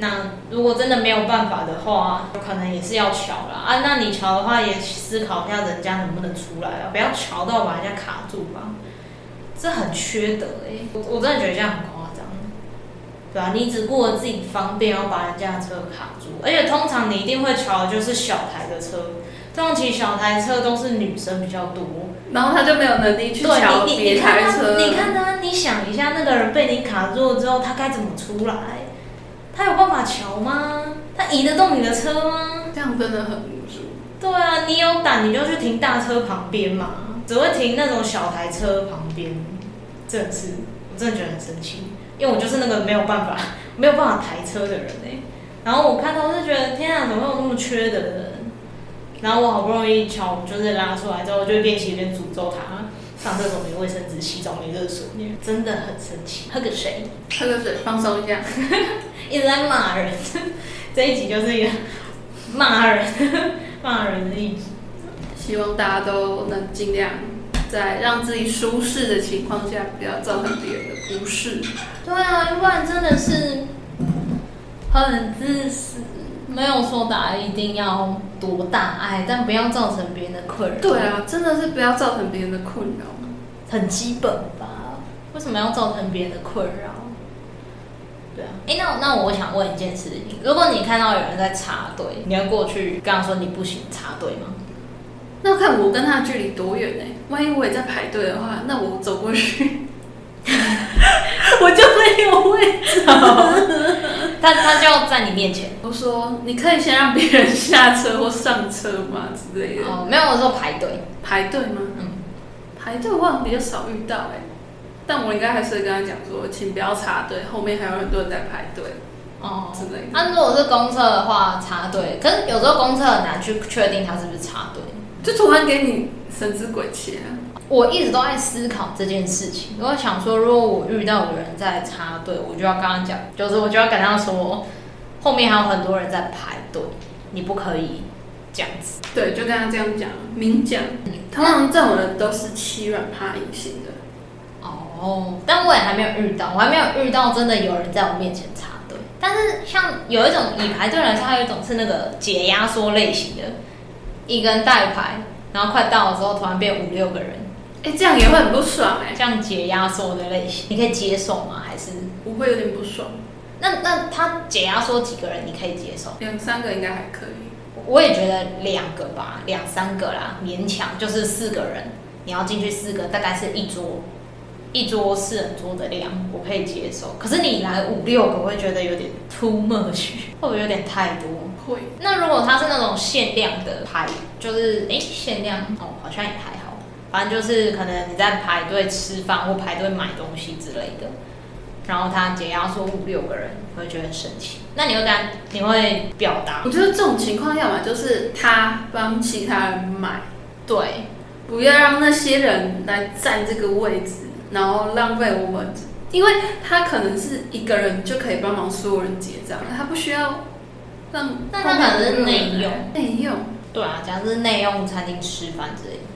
A: 那如果真的沒有辦法的話，有可能也是要橋喬啦啊。那你喬的話，也思考一下人家能不能出來啊，不要喬到把人家卡住吧。這很缺德哎、欸，我我真的覺得這樣很誇張，對啊。你只顧着自己方便，然後把人家的車卡住，而且通常你一定會喬的就是小台的車。這樣小台車都是女生比較多，
B: 然後他就沒有能力去車對你，你，你看
A: 車。看他，你看他，你想一下，那個人被你卡住了之後，他該怎麼出來？他有辦法橋嗎？他移得動你的車
B: 嗎？這樣真的很
A: 無助。對啊，你有膽你就去停大車旁邊嘛，只會停那種小台車旁邊。這次我真的覺得很生氣，因為我就是那個沒有辦法、沒有辦法抬車的人、欸、 然後我看到是覺得天啊，怎麼會有那麼缺德的人？然後我好不容易從就是拉出來之後，就邊洗一邊詛咒他上廁所沒衛生紙，洗澡沒熱水，
B: 真的很神奇。喝個水，喝個水，放鬆一下，
A: 一直在 罵人。 這一集就是一個罵人， 罵人的一集。
B: 希望大家都能儘量在讓自己舒適的情況下，不要造成別人的不適、嗯。對啊，因為不然真的是
A: 很自私。沒有說打、啊、一定要多大愛，但不要造成別人的困
B: 擾。對啊，真的是不要造成別人的困擾，很基本吧？
A: 為什麼要造成別人的困擾？對啊、欸那。那我想問一件事情：如果你看到有人在插隊，你要過去跟他說你不行插隊嗎？
B: 那我看我跟他的距離多遠呢、欸？萬一我也在排隊的話，那我走過去， 我就沒有位置。 他他就在你面前，我說你可以先讓別人下車或上車嘛之類的。哦，沒有，我說排隊，排隊嗎？嗯，排隊的話比較少遇到哎、欸，但我應該還是跟他講說，請不要插隊，後面還有很多人都在排隊哦之類
A: 的、啊。那如果是公廁的話，插隊，可是有時候公廁很難去確定他是不是插隊，
B: 就突然給你神不知鬼不覺
A: 我一直都在思考這件事情。我想說，如果我遇到有人在插隊，我就要跟他講，就是我就要跟他說，後面還有很多人在排隊，你不可以這樣子。對，
B: 就跟他這樣講，明講。通常這種人都是欺軟怕硬型的。哦，
A: 但我也還沒有遇到，我還沒有遇到真的有人在我面前插隊。但是像有一種以排隊來說，還有一種是那個解壓縮類型的，一根隊牌，然後快到了之後，突然變五六個人。嗯哎，這樣也會很不爽哎、欸，這樣解壓縮的類型，你可以接受嗎？還是
B: 不會有點不爽？那那他解壓縮幾個人，你可以接受？兩三個應該還可以我。我也覺得
A: 兩個吧，兩三個啦，勉強就是四個人，你要進去四個，大概是一桌一桌四人桌的量，我可以接受。可是你來五六個，我會覺得有點 too much，會不會有點太多？會。那如果他是那種限量的牌，就是哎，限量哦，好像也還。反正就是可能你在排隊吃飯或排隊買東西之類的，然後他解壓說五六個人，會覺得很神奇。那你會幹，
B: 你會表達？我覺得這種情況下嘛，就是他幫其他人買，對，不要讓那些人來佔這個位置，然後浪費我們，因為他可能是一個人就可以幫忙所有人結賬，他不需要讓。但他可能是內用，內用。對啊，假如是內用餐
A: 廳吃飯之類的。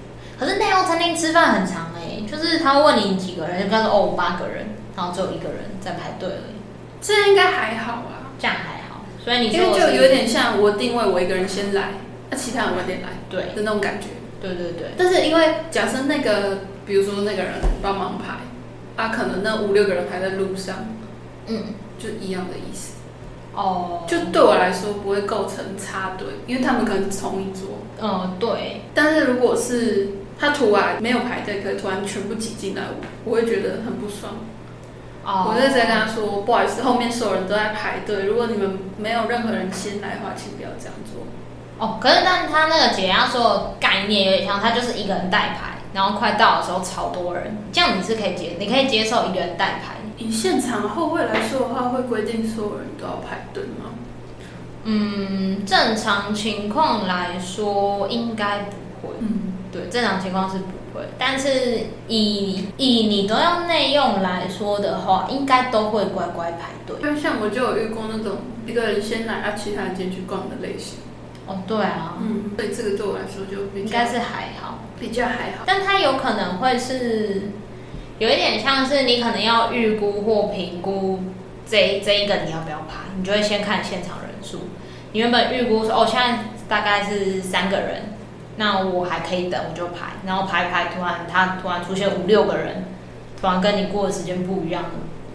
A: 可是內容餐廳吃飯很長哎、欸，就是他會問你幾個人，就跟他說哦，
B: 我八個人，然後只有一個人在排隊而已、欸、這樣應該還好啊，這樣還好。所以你覺得就有點像我定位我一個人先來、啊，那其他人晚點來，對，是那種感覺，對對對，對。但是因為假設那個，比如說那個人幫忙排，啊，可能那五六個人排在路上，嗯，就一樣的意思，哦，就對我來說不會構成插隊，因為他們可能同一桌，嗯，對。但是如果是他突然沒有排隊，可突然全部擠進來，我會覺得很不爽。Oh, 我那時候跟他說：“不好意思，後面所有人都在排隊，如果你們沒有任何人先來的話，請不要這樣做。”哦，可是但他那個解壓說
A: 概念也有點像，他就是一個人代排，然後快到的時候超多人，這樣你是可以接，你可以接受一個人代排。
B: 以現場後位來說的話，會規定所有人都要排隊嗎？嗯，
A: 正常情況來說應該不會。嗯對，正常情況是不會，但是以以你都要內用來說的話，應該都會乖乖排隊。因
B: 為像我就有預估那種一個人先來，然、啊、後其他人進去逛的類型。
A: 哦，對啊，嗯，
B: 所以這個對我來說就比較應該是還好，比較還好。
A: 但它有可能會是有一點像是你可能要預估或評估這這一個你要不要排，你就會先看現場人數。你原本預估說哦，現在大概是三個人。那我還可以等，我就排，然後排排，突然他突然出現五六個人，突然跟你過的時間不一樣，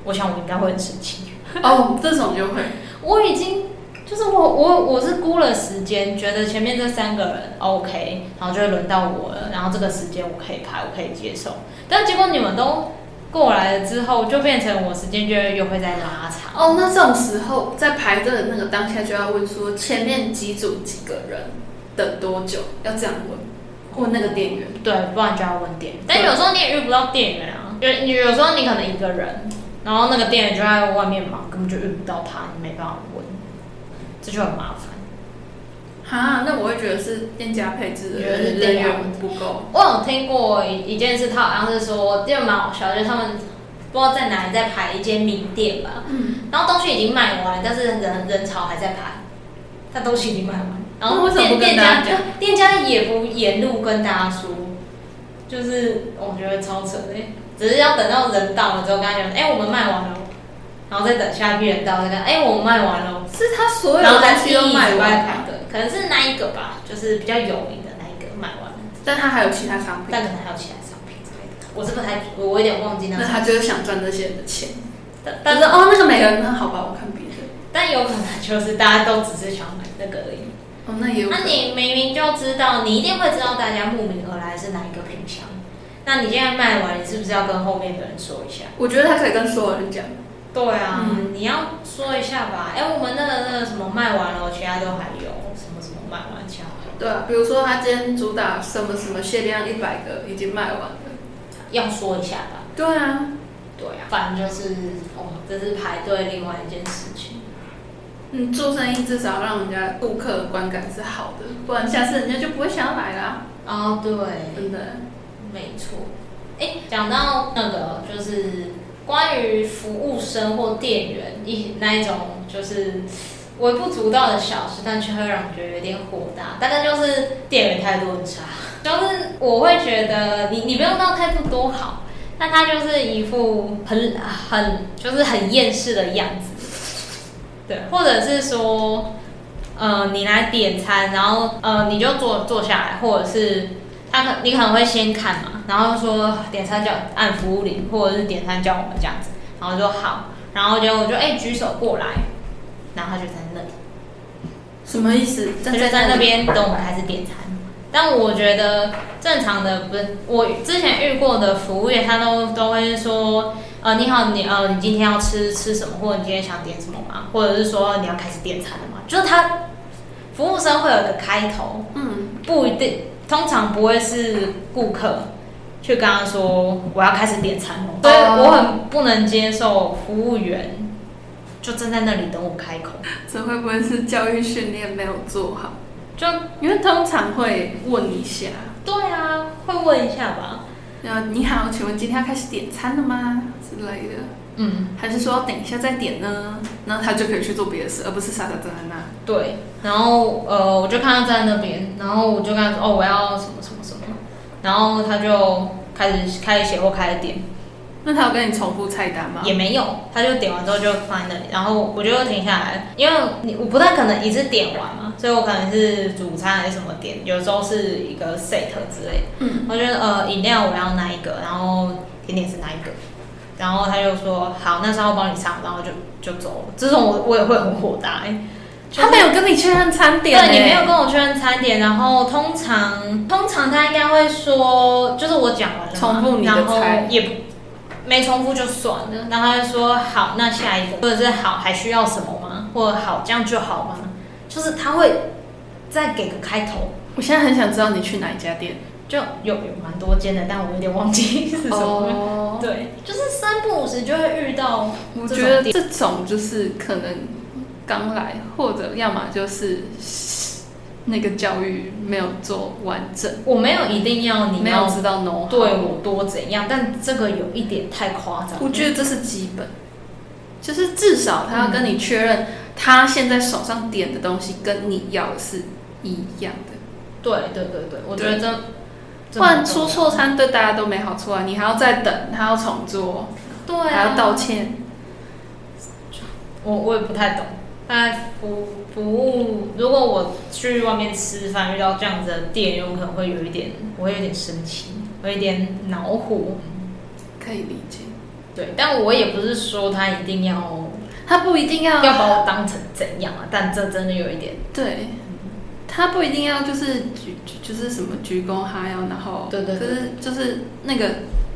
A: 我想我應該會很生氣。
B: 哦，這種就會，我已經
A: 就是我我我是估了時間，覺得前面這三個人 OK，然後就會輪到我了，然後這個時間我可以排，我可以接受。但結果你們都過來了之後，就變成我時間就會又會再拉長。哦、
B: Oh，那這種時候在排的那個當下就要問說前面幾組幾個人？等多久？要這樣問，問那個店員。對，不然就要問店員。但有時候
A: 你也遇不到店員啊，
B: 有有時候
A: 你可能一個人，然後那個店員就在外面忙，根本就遇不到他，你沒辦法問，這就很麻煩。
B: 哈，那我會覺得是店家配置，的是人
A: 員不夠、啊。我有聽過一件事，他好像是說，店員蠻好笑，就是、他們不知道在哪裡在排一間名店吧，嗯，然後東西已經賣完，但是人人潮還在排，他東西已經賣完。嗯然後店店家就店家，家也不沿路跟大家說，就是我覺得超扯的、欸，只是要等到人到了之後跟他講，哎、欸，我們賣完了，然後再等下一批人到再跟他，哎、欸，我們賣完了，是他
B: 所有東西都賣完的，完的啊、可
A: 能是那一個吧，就是比較有名的那一個賣完了，但
B: 他還有其他商品、嗯，但可能還有其他商
A: 品，啊、我是不太，
B: 我我有點忘記那，他就是
A: 想賺這些人
B: 的錢，但但是哦那個沒有，那好吧我看別的，
A: 但有可能就是大家都只是想買那個而已。哦、那，那你明明就知道，你一定會知道大家慕名而來是哪一個品項？那你現在賣完，你是不是要跟後面的人說一
B: 下？我覺得他可以跟所有人講。對啊、嗯，你
A: 要說一下吧。哎、欸，我們那個那個什麼賣完了，其他都還有。什麼什麼賣完，其他，
B: 對啊，比如說他今天主打什麼什麼限量一百個，已經賣完了。要說一下吧。對啊，對啊，反正就是哦，這是排隊另外一件事情。嗯，做生意至少讓人家顧客觀感是好的，不然下次人家就不會想要買啦。哦，對，真的，沒錯。哎，講到那個，就是
A: 關於服務生或店員一那一種，就是微不足道的小事，但卻會讓人覺得有點火大。大概就是店員態度很差，主、就、要是我會覺得你，你你不用到態度多好，但他就是一副很很就是很厭世的樣子。對，或者是說，呃，你來點餐，然後呃，你就坐坐下來，或者是他可你可能會先看嘛，然後說點餐叫按服務鈴，或者是點餐叫我們這樣子，然後就好，然後結果就我就哎舉手過來，然後他就在那。
B: 什麼意思？就在那邊等我們
A: 開始點餐。但我覺得正常的不是我之前遇過的服務員，他都都會說。啊、呃，你好，你呃，你今天要吃吃什麼，或者你今天想點什麼嗎？或者是說你要開始點餐了嗎？就是他服務生會有的開頭，嗯，不一定，哦、通常不會是顧客去跟他說我要開始點餐，對、哦，我很
B: 不能接受服務員就站在那裡等我開口。這會不會是教育訓練沒有做好？就因為通常會問一下，對啊，會問一下吧。你好，請問今天要開始點餐了嗎之類的？嗯，還是說要等一下再點呢？然後他就可以去做別的事，而不是傻傻站在那。
A: 對，然後呃，我就看他站在那邊，然後我就跟他說：“哦，我要什麼什麼什麼。”然後他就開始開始寫或開始點。那他有跟你重複菜單嗎？也沒有，他就點完之後就放在那裡，然後我就停下來，因為你我不太可能一次點完嘛，所以我可能是主餐還是什麼點，有時候是一個 set 之類的。嗯，我覺得呃飲料我要哪一個，然後甜點是哪一個，然後他就說好，那稍後幫你唱，然後就就走了。這種我我也會很火大、欸就是，他沒有跟你確認餐點、欸，對你沒有跟我確認餐點，然後通常通常他應該會說就是我講完了，重複你的菜，然後也不。沒重複就算了，然後他就說好，那下一個或者是好還需要什麼嗎？或者好這樣就好嗎？就是他會再給個開頭。
B: 我現在很想知道你去哪一家
A: 店，就有，有蠻多間的，但我有點忘記是什麼。哦，oh，對，
B: 就是三不五時就會遇到。我覺得這種就是可能剛來，或者要麼就是。那個教育沒有做完整，我沒有一定要你沒有知道農、no、對我多怎樣，但這個有一點太誇張。我覺得這是基本，嗯、就是至少他要跟你確認，他現在手上點的東西跟你要的是一樣的。對對對對，我覺得這，不然出錯餐，對大家都沒好處啊，你還要再等，他要重做，對、啊，還要道歉。我我也不太懂。哎，服
A: 服務，如果我去外面吃飯遇到這樣子的店，有可能會有一點，我會有點生氣，我有一點惱火。
B: 可以理解。
A: 對，但我也不是說他一定要，他不一定要要把我當成怎樣啊？但
B: 這真的有一點，對，他不一定要就是就是什麼鞠躬哈腰，然後對對，可是就是那個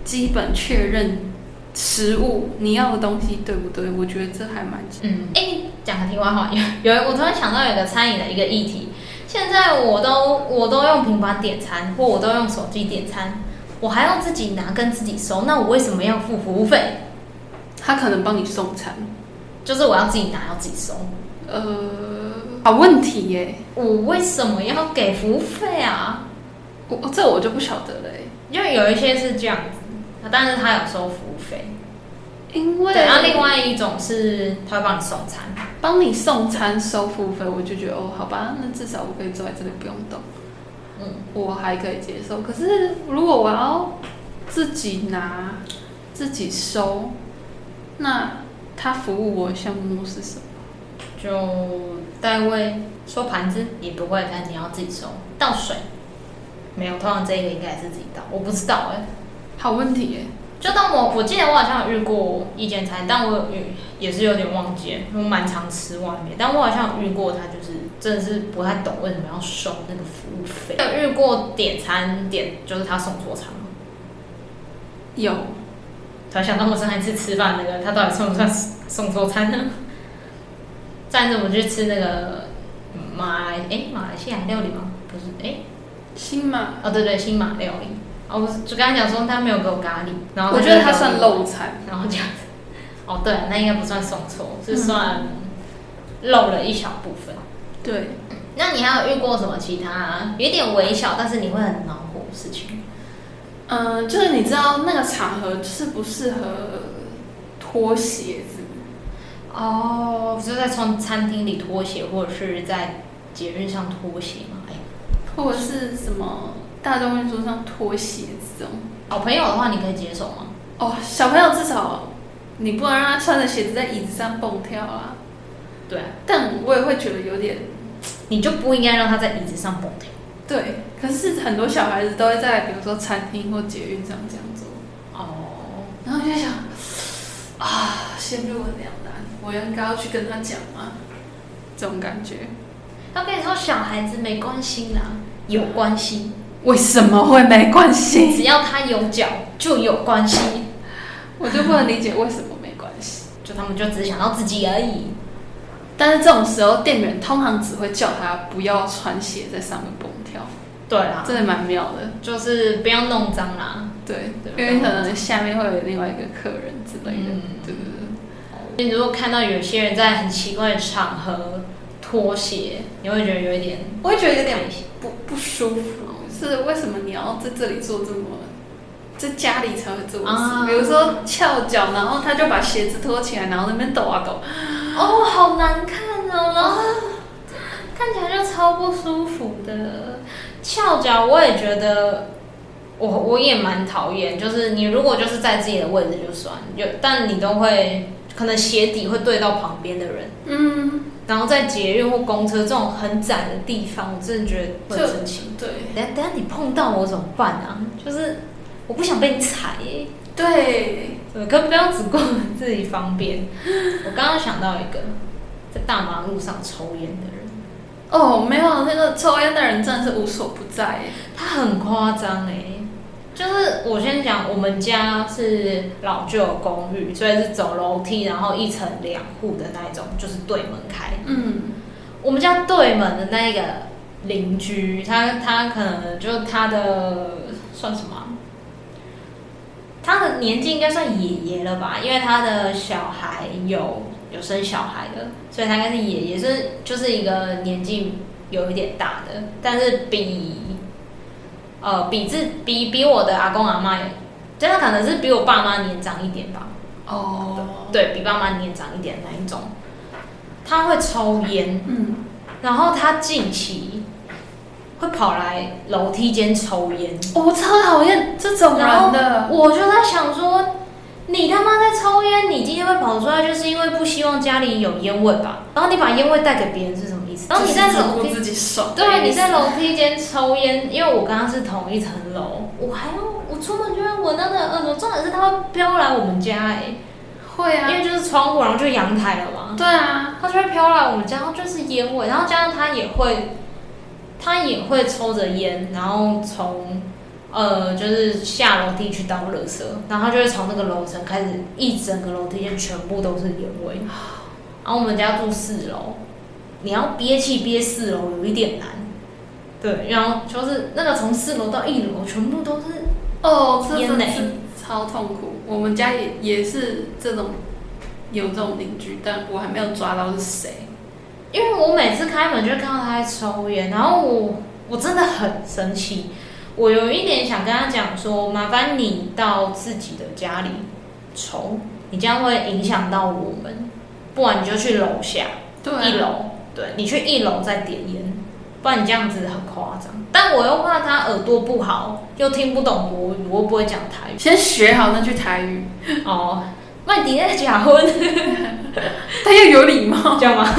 B: 基本確認、嗯。食物，你要的東西、嗯、對不對？我覺得這還蠻……嗯，誒，講個題外話，有有，
A: 我突然想到有個餐飲的一個議題。現在我都我都用平板點餐，或我都用手機點餐，我還要自己拿跟自己收，那我為什麼要付服務費？
B: 他可能幫你送餐，就是我要自己拿，要自己收。呃，好問題耶、欸，我為什麼要給服務費啊？我這我就不曉得了、
A: 欸，因為有一些是這樣子但是他有收服務
B: 費，因為然後、啊、另外一種
A: 是他會幫你送餐，
B: 幫你送餐收服務費，我就覺得哦，好吧，那至少我可以坐在這裡不用動，嗯，我還可以接受。可是如果我要自己拿、自己收，那他服務我的項目是什麼？就
A: 代為收盤子，你不會，但你要自己收倒水，沒有，通常這一個應該也是自己倒，我不知道哎、欸。好問題耶、欸！就當我我記得我好像有遇過一間餐廳，但我遇也是有點忘記。我蠻常吃外面，但我好像有遇過他，就是真的是不太懂為什麼要收那個服務費。有遇過點餐點就是他送錯餐有。才想到我上一次吃飯那個，他到底算不算送錯餐呢？上、嗯、次我們去吃那個馬來、欸、馬來西亞料理嗎？不是哎、欸，新馬哦對對，對新馬料理。哦、oh，我就跟他講說他沒有給我咖喱，然後我覺得他算漏餐，然後這樣子。嗯、哦、對、啊，那應該不算送錯，是算漏了一小部分、嗯。對，那你還有遇過什麼其他有點微小，但是你會很惱火的事情？嗯、呃，就
B: 是你知道那個場合適不適合拖鞋子？哦，不是、oh, 在餐餐廳裡拖鞋，
A: 或者是在節日上拖鞋嗎？哎、欸，
B: 或者是什麼？大眾運輸上拖鞋子這種，小朋友的話，你可以接受嗎？哦，小朋友至少你不能讓他穿着鞋子在椅子上蹦跳啊。對啊，但我也會覺得有點。你就
A: 不應該讓他在椅子上蹦
B: 跳。對，可是很多小孩子都會在，比如說餐廳或捷運上這樣做。哦，然後就想啊，陷入兩難，我應該要去跟他講嗎？這種感覺。他跟你說，小孩子沒關係啦，有關係。為什麼會沒關係？只要他有腳就有關係， 我就不能理解為什麼沒關係。 就他們就只想到自己而已。但是這種時候，店員通常只會叫他不要穿鞋在上面蹦跳。
A: 對啊，真的蠻妙的，就是不要弄髒啦。
B: 對，對。因為可能下面會有另外一個客人之類的，嗯。對
A: 對對。你如果看到有些人在很奇怪的場合脫鞋，你會覺得有一點，我會覺得有
B: 點不舒不，不舒服。是為什麼你要在這裡做這麼，在家裡才會做什麼？啊？比如說翹腳，然後他就把鞋子脫起來，然後在那邊抖啊抖，哦，好難看哦，然、啊、後看起來就超不舒服的。翹腳我也覺得
A: 我，我我也蠻討厭。就是你如果就是在自己的位置就算，就但你都會可能鞋底會對到旁邊的人。嗯。然後在捷運或公車這種很窄的地方，我真的覺得很神奇。對，等下等下你碰到我怎麼辦啊？就是我不想被你踩、欸。
B: 對，可不要
A: 只顧自己方便。 我剛剛想到一個，在大馬路上抽菸的人。
B: 哦，沒有，那個抽菸的人真的是無所不在、欸。他
A: 很誇張誒、欸。就是我先講，我們家是老舊公寓，所以是走樓梯，然後一層兩戶的那種，就是對門開。嗯，我們家對門的那一個鄰居，他他可能就他的算什麼？他的年紀應該算爺爺了吧？因為他的小孩有有生小孩的，所以他應該是爺爺，是就是一個年紀有一點大的，但是比。呃，比自比比我的阿公阿媽，對，他可能是比我爸媽年長一點吧。哦、oh.，對比爸媽年長一點那一種，他會抽煙。嗯，然後他近期會跑來樓梯間抽煙、
B: 哦。我超討厭這種人的。我就在想說，你他媽在
A: 抽煙，你今天會跑出來，就是因為不希望家裡有煙味吧？然後你把煙味帶給別人是，是？然後你在
B: 樓梯，自己對，你在樓梯
A: 間抽煙，因為我剛剛是同一層樓，我還要我出門就會聞到那個惡臭、呃。重點是它會飄來我們家、欸，哎，會啊，因為就是窗戶，然後就陽台了嘛。對啊，它就會飄來我們家，然後就是煙味，然後加上他也會，他也會抽着煙，然後從呃就是下樓梯去倒垃圾，然後他就會從那個樓層開始，一整個樓梯間全部都是煙味、嗯。然後我們家住四樓。你要
B: 憋氣憋四樓有一點難，對，然後就是那個從四樓到一樓全部都是哦煙味，超痛苦。我們家也也是這種，有這種鄰居，但我還沒有抓到是誰，因為我
A: 每次開門就看到他在抽煙，然後我我真的很生氣，我有一點想跟他講說，麻煩你到自己的家裡抽，你這樣會影響到我們，不然你就去樓下對、啊、一樓。對，你去一樓再點煙，不然你這樣子很誇張。但我又怕他耳朵不好，又聽不懂國語，我又不會講台語。先學好那句
B: 台語哦。莫佇咧食薰，他 又有禮貌，這樣嗎？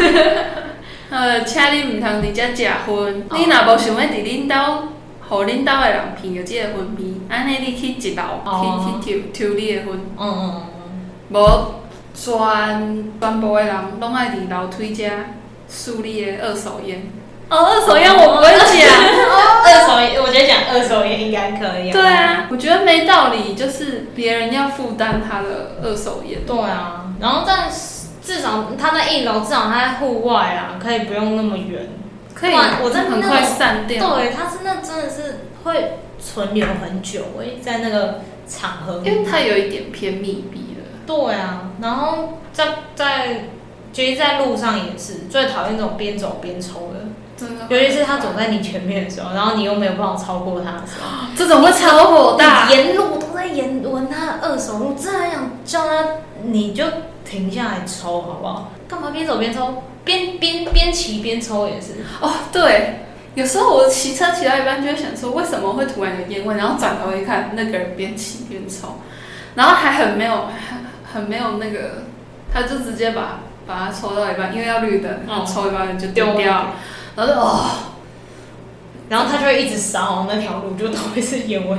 B: 呃，請恁毋通佇遮食薰。你若無想要佇恁兜，互恁兜的人聞著即個薰味，安、嗯、尼你去一樓，去去抽抽你的薰。嗯，嗯，嗯，哦。無、嗯嗯嗯、全全部的人攏愛佇樓梯食。蘇力二手煙哦，二手煙我不會講， 二手煙我覺得
A: 講二手煙應該可以。對啊，
B: 我覺得沒道理，就是別人要負擔他的二手
A: 煙。對啊，然後但至少他在一樓，至少他在戶外啊，可以不用那麼遠。可以，我在、那個，很快散掉。對，他是那真的是會存留很久，會在那個場合裡面，因為他有一點偏密閉了。對啊，然後在在。其實在路上也是最討厭這種邊走邊抽的，真的。尤其是他走在你前面的時候，然後你又沒有辦法超過他的時候，
B: 啊、這種會超火大。沿路
A: 都在沿聞他二手，我真的想叫他，你就停下來抽好不好？
B: 幹嘛邊走邊抽？邊邊邊騎邊抽也是。哦，對，有時候我騎車騎到一半就會想說，為什麼會突然有煙味？然後轉頭一看，那個人邊騎邊抽，然後還很沒有很沒有那個，他就直接把。把它抽到一半，因為要綠燈，哦、抽一半就丟掉、掉，然後就哦，然後他就會一直掃往那條路，就都會
A: 是煙味、
B: 欸，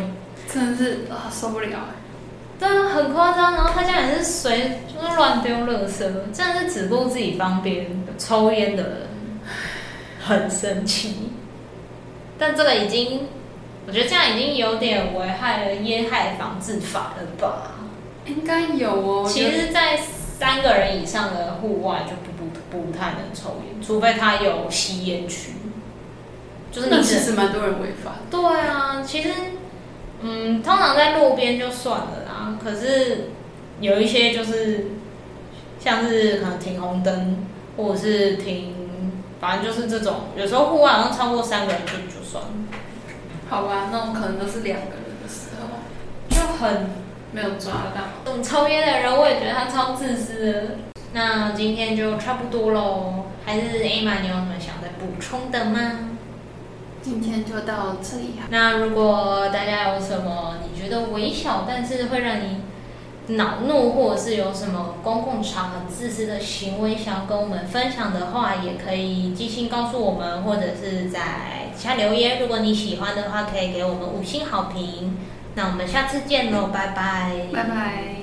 B: 真的是啊，哦，受不了對、欸、啊，但很誇張。然後他家裡是
A: 隨就是亂丟垃圾，真的是只顧自己方便的抽煙的人，很神奇。但這個已經，我覺得這樣已經有點危害了，煙害防治法了吧？
B: 應該有哦。就是、其實，
A: 在三個人以上的戶外就不不不太能抽煙，除非他有吸煙區。就是你其實蠻多人違法。對啊，其實嗯，通常在路邊就算了啦，可是有一些就是像是可能停紅燈，或者是停，反正就是這種。有時候戶外，好像超過三個人就就算了。
B: 好吧，那我可能都是兩個人的時候就很。沒有抓到。這種抽煙的人，我也覺
A: 得他超自私的。那今天就差不多咯。還是 Emma，你有什麼想再補充的嗎？今天就到這裡。那如果大家有什麼你覺得微小但是會讓你惱怒，或者是有什麼公共場合自私的行為，想要跟我們分享的話，也可以寄信告訴我們，或者是在底下留言。如果你喜歡的話，可以給我們五星好評。那我們下次見嘍，拜拜。拜拜。